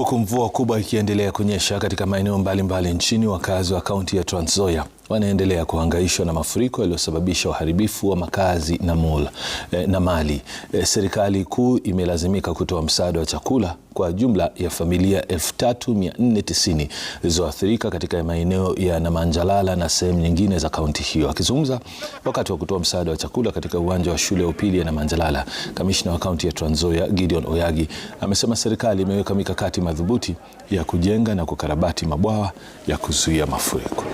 Huku mvua kubwa ikiendelea kunyesha katika maeneo mbalimbali nchini, wakazi wa kaunti ya Trans Nzoia wanaendelea kuhangaishwa na mafuriko yaliyosababisha uharibifu wa makazi na, mola, eh, na mali. Eh, serikali kuu imelazimika kutoa msaada wa chakula kwa jumla ya familia 3490 zilizoathirika katika maeneo ya Namanjalala na sehemu nyingine za kaunti hiyo. Akizungumza wakati wa kutoa msaada wa chakula katika uwanja wa shule ya upili ya Namanjalala, kamishna wa kaunti ya Trans Nzoia Gideon Oyagi amesema serikali imeweka mikakati madhubuti ya kujenga na kukarabati mabwawa ya kuzuia mafuriko.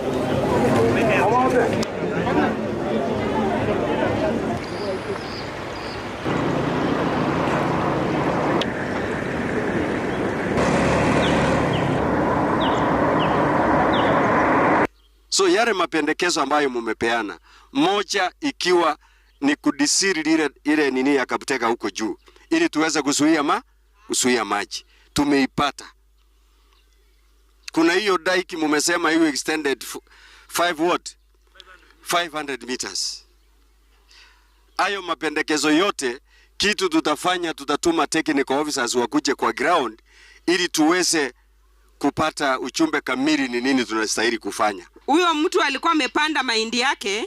So yale mapendekezo ambayo mumepeana, moja ikiwa ni kudisiri ile ile nini ya kabuteka huko juu, ili tuweze kuzuia ma kuzuia maji, tumeipata. Kuna hiyo dike mumesema hiyo extended 5 watt 500 meters. Hayo mapendekezo yote, kitu tutafanya, tutatuma technical officers wakuje kwa ground ili tuweze kupata uchumbe kamili ni nini tunastahili kufanya. Huyo mtu alikuwa amepanda mahindi yake,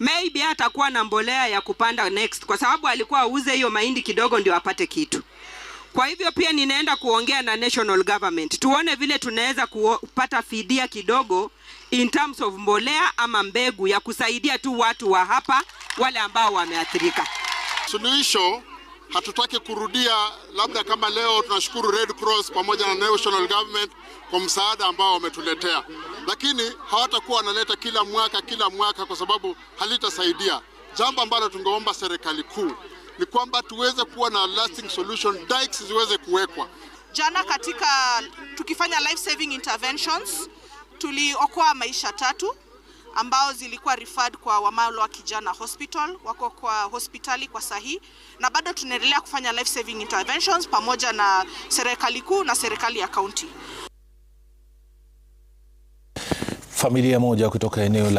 maybe atakuwa na mbolea ya kupanda next, kwa sababu alikuwa auze hiyo mahindi kidogo ndio apate kitu. Kwa hivyo pia ninaenda kuongea na national government tuone vile tunaweza kupata fidia kidogo in terms of mbolea ama mbegu ya kusaidia tu watu wa hapa wale ambao wameathirika. Suluhisho hatutaki kurudia, labda kama leo tunashukuru Red Cross pamoja na national government kwa msaada ambao wametuletea, lakini hawatakuwa wanaleta kila mwaka kila mwaka, kwa sababu halitasaidia, jambo ambalo tungeomba serikali kuu ni kwamba tuweze kuwa na lasting solution, dikes ziweze kuwekwa. Jana katika tukifanya life saving interventions tuliokoa maisha tatu ambao zilikuwa referred kwa Wamalwa Kijana Hospital, wako kwa hospitali kwa sahi, na bado tunaendelea kufanya life saving interventions pamoja na serikali kuu na serikali ya kaunti. Familia moja kutoka eneo la